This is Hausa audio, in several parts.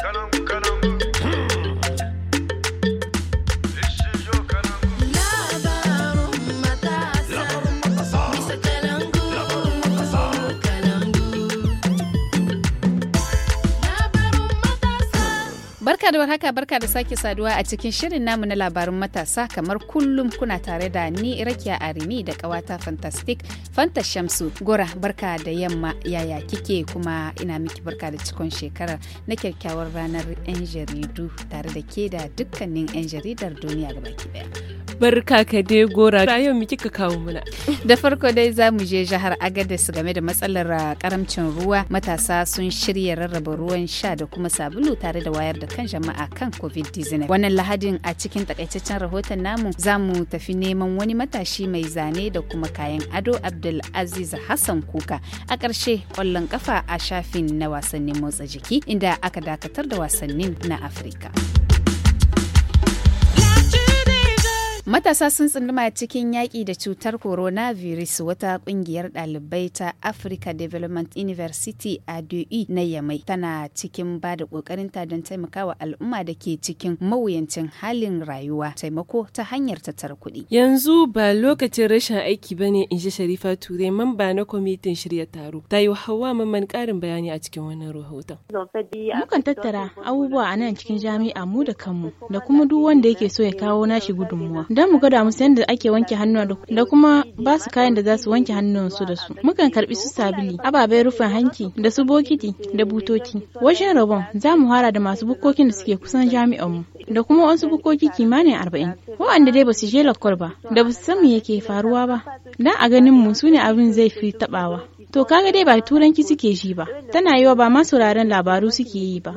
Caramba, caramba. Barka da warhaka barka da sake saduwa a cikin shirin namu na labarin matasa kamar kullum kuna tare da ni Rakiya Arimi da kawata Fantastic Fanta Shamsu. Gora barka da yamma yaya kike kuma ina miki barka da cikon shekarar na kyakkyawar ranar 'yan jaridu tare da ke da dukkanin 'yan jaridar duniya gabaki daya. barka ka dai gora yau mu kika kawo muna da farko dai za mu je jihar agadas game da matsalar ah, karamcin ruwa matasa sun shirya rarraba ruwan sha da kuma sabulu tare da wayar da kan jama'a kan covid-19 wannan lahadin a cikin takaitaccen rahoton namu za mu tafi neman wani matashi mai zane da kuma kayan ado abdul aziz hassan kuka a ƙarshe kwallon kafa a shafin na wasannin motsa jiki inda aka dakatar da wasannin na afirka. Matasa sun tsunduma cikin yaƙi da cutar coronavirus wata ƙungiyar ɗalibai ta Africa Development University a DOE na Yamai tana cikin ba da ƙoƙarinta don taimakawa al'umma da ke cikin mawuyancin halin rayuwa taimako ta hanyar tattara kuɗi. Yanzu ba lokacin rashin aiki ba ne in ji Sharifa Ture mamba na kwamitin shirya taro. Ta yi hawa mamman ƙarin bayani a cikin wannan rahoton. Mukan tattara abubuwa a nan cikin jami'a mu da kanmu da kuma duk wanda yake so ya kawo nashi gudunmuwa. don mu gwada musu yadda ake wanke hannuwa da kuma ba su kayan da za su wanke hannuwansu da su. Mukan karbi su sabili, ababen rufin hanki da su bokiti da butoki. Wajen rabon za mu hara da masu bukokin da suke kusan jami'anmu. da kuma wasu bukoki kimanin arba'in waɗanda dai ba su je lakwar ba da ba su san me yake faruwa ba dan a ganin mu su ne abin zai fi taɓawa. To kaga dai ba turanki suke shi ba, tana yiwa ba ma sauraron labaru suke yi ba.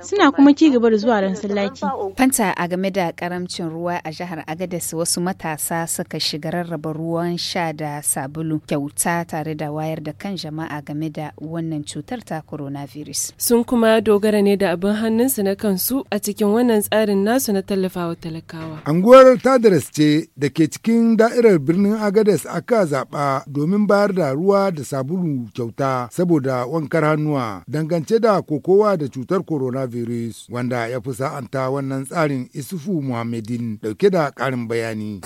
Suna kuma ci gaba da zuwa ran sallaci. Fanta a game da karamcin ruwa a jihar Agadez wasu matasa suka shiga rarraba ruwan sha da sabulu kyauta tare da wayar da kan jama'a game da wannan cutar ta coronavirus. Sun kuma dogara ne da abin hannunsu na kansu a cikin wannan tsarin nasu na tallafawa talakawa. Anguwar Tadres ce da ke cikin da'irar birnin Agadez aka zaɓa domin bayar da ruwa da sabulu sabulu kyauta saboda wankar hannuwa dangance da kokowa da cutar coronavirus wanda ya fi sa'anta wannan tsarin isufu muhammadin dauke da karin bayani.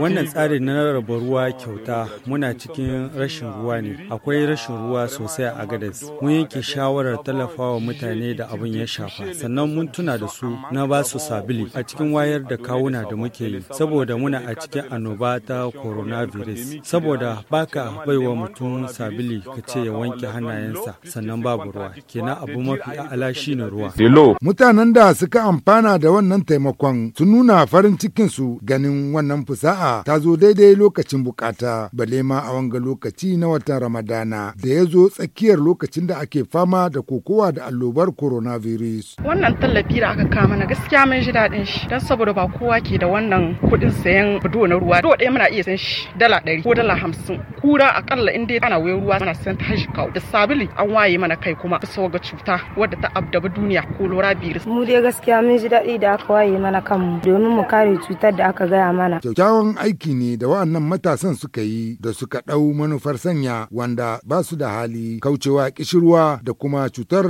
Wannan tsarin na raba ruwa kyauta muna cikin rashin ruwa ne akwai rashin ruwa sosai a gadas mun yanke shawarar tallafawa mutane da abin ya shafa sannan mun tuna da su na ba su sabili a cikin wayar da kawuna da muke yi saboda muna a cikin annoba ta coronavirus saboda baka baiwa mutum sabili ka ce ya wanke hannayensa sannan babu ruwa kenan abu mafi a'ala shine ruwa mutanen da suka amfana da wannan taimakon sun nuna farin cikin su ganin wannan fusa'a ta zo daidai lokacin bukata bale ma a wanga lokaci na watan ramadana da ya zo tsakiyar lokacin da ake fama da kokowa da allobar coronavirus wannan tallafi da aka kama na gaskiya mun ji daɗin shi don saboda ba kowa ke da wannan kuɗin sayan budo na ruwa do ɗaya muna iya san shi dala ɗari ko dala hamsin kura akalla in dai ana wayo akwai ruwa mana san ta kawo da sabili an waye mana kai kuma ka ga cuta wadda ta abdaba duniya kolora virus mu dai gaskiya mun ji daɗi da aka waye mana kanmu domin mu kare cutar da aka gaya mana kyakkyawan aiki ne da wa'annan matasan suka yi da suka ɗau manufar sanya wanda ba su da hali kaucewa kishirwa da kuma cutar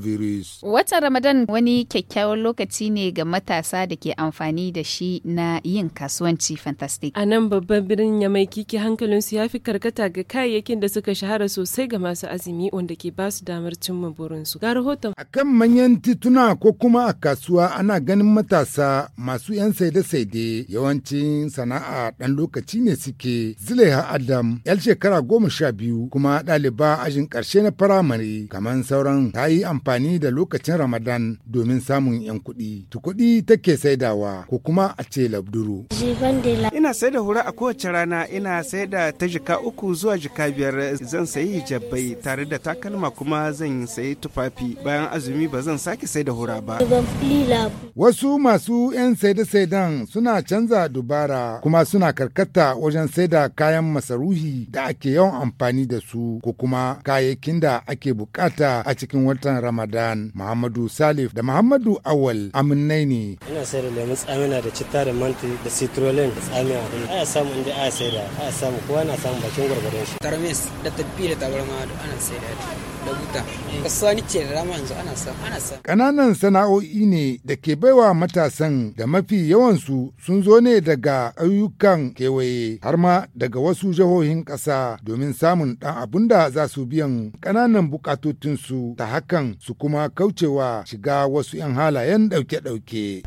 virus. watan ramadan wani kyakkyawan lokaci ne ga matasa da ke amfani da shi na yin kasuwanci fantastic a nan babban birnin ya mai kiki hankalinsu ya fi karkata ga kayayyakin da suka shahara sosai ga masu azumi wanda ke ba su damar cimma burinsu. Ga rahoton. A kan manyan tituna ko kuma a kasuwa ana ganin matasa masu 'yan saide-saide yawancin sana'a ɗan lokaci ne suke Zulaiha Adam, 'yar shekara goma sha biyu kuma ɗaliba ajin ƙarshe na firamare kamar sauran ta yi amfani da lokacin Ramadan domin samun 'yan kuɗi. Tukuɗi take saidawa ko kuma a ce labduru. Ina saida hura a kowace rana ina saida ta jika uku zuwa jika biyar zan sayi hijabai tare da takalma kuma zan sayi tufafi bayan azumi ba zan sake sai da hura ba. Wasu masu 'yan saida saidan suna canza dubara kuma suna karkata wajen saida kayan masaruhi da ake yawan amfani da su ko kuma kayayyakin da ake bukata a cikin watan Ramadan. Muhammadu Salif da Muhammadu Awal aminai ne. Ina sayar da lemun tsamina da citta da manti da citrulin da tsamina. Aya samu inda aya sayar da aya samu kowa na samun bakin gwargwadon shi. Tarmis da tafiya da tabarma ana sai da kasuwa ni ce da rama yanzu ana sa ana sa kananan sana'o'i ne da ke baiwa matasan da mafi yawansu sun zo ne daga ayyukan kewaye har ma daga wasu jihohin ƙasa domin samun ɗan abun da za su biyan kananan su ta hakan su kuma kaucewa shiga wasu 'yan halayen ɗauke-ɗauke.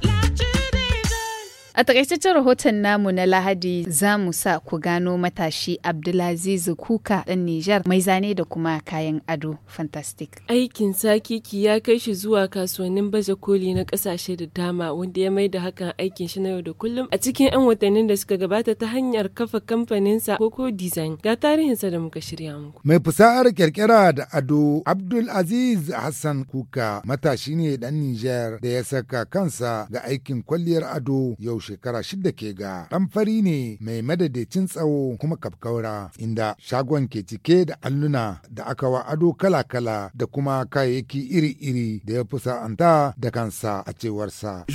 A takaitaccen rahoton namu na Lahadi za mu sa ku gano matashi Abdulaziz Kuka ɗan Nijar mai zane da kuma kayan ado fantastic. Aikin sakiki ya kai shi zuwa kasuwannin baje koli na ƙasashe da dama wanda ya mai da hakan aikin shi na yau da kullum a cikin 'yan watannin da suka gabata ta hanyar kafa kamfaninsa Koko Design ga tarihinsa da muka shirya muku. Mai fusahar kirkira da ado Abdulaziz Hassan Kuka matashi ne ɗan Nijar da ya saka kansa ga aikin kwalliyar ado yau shekara shida ke ga ɗan fari ne mai madadacin tsawo kuma kafkaura inda shagon ke cike da alluna da aka wa ado kala-kala da kuma kayayyaki iri-iri da ya an ta da kansa a cewarsa.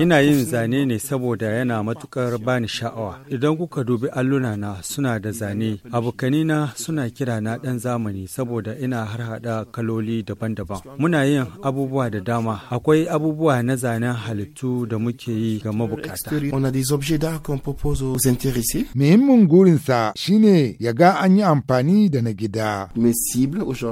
Ina yin zane ne saboda yana matukar bani sha'awa. Idan kuka dubi alluna na suna da zane, abokanina suna kira na ɗan zamani saboda ina harhaɗa kaloli daban-daban. Muna yin abubuwa da dama. Akwai abubuwa na zanen halittu da muke muke yi ga mabukata. Muhimmin gurinsa shine ya ga an yi amfani da na gida.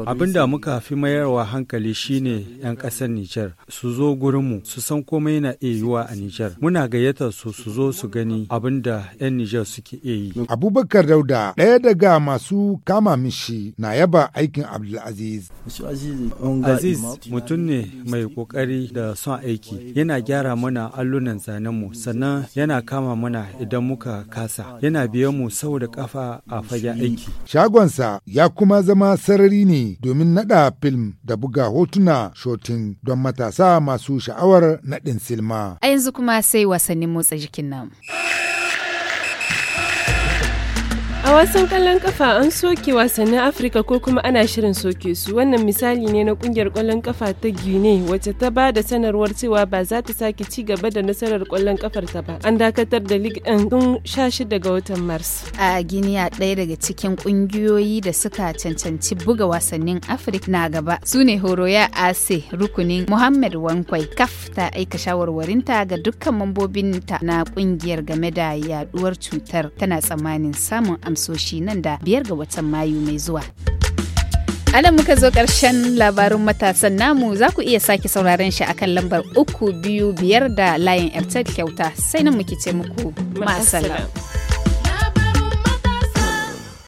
Abin da muka fi mayarwa hankali shine 'yan ƙasar Nijar su zo gurinmu su san komai na iya yiwa a Nijar. Muna gayyatar su su zo su gani abin da 'yan Nijar suke iya yi. Abubakar Dauda daya daga masu kama mishi na yaba aikin Abdulaziz. Aziz mutum ne mai kokari da son aiki yana gyara mana alu zanen mu sannan yana kama mana idan muka kasa yana biyan mu saboda da kafa a fage aiki. Shagonsa ya kuma zama sarari ne domin nada film da buga hotuna shooting don matasa masu sha'awar naɗin silma. A yanzu kuma sai wasannin motsa jikin nan. A wasan kwallon kafa an soke wasannin Afirka ko kuma ana shirin soke su. Wannan misali ne na kungiyar kwallon kafa ta Guinea wacce ta ba da sanarwar cewa ba za ta sake ci gaba da nasarar kwallon kafar ta ba. An dakatar da League din tun 16 ga watan Mars. A Guinea ɗaya daga cikin kungiyoyi da suka cancanci buga wasannin Afirka na gaba. sune ne Horoya Ase rukunin Muhammad Wankwai. kaf ta aika shawarwarinta ga dukkan mambobinta na kungiyar game da yaduwar cutar tana tsammanin samun amsoshi nan da biyar ga watan Mayu mai zuwa. anan muka zo ƙarshen labarin matasan namu za ku iya sake sauraron shi akan lambar uku biyu biyar da layin airtel kyauta sai nan muke ce muku ma'asala.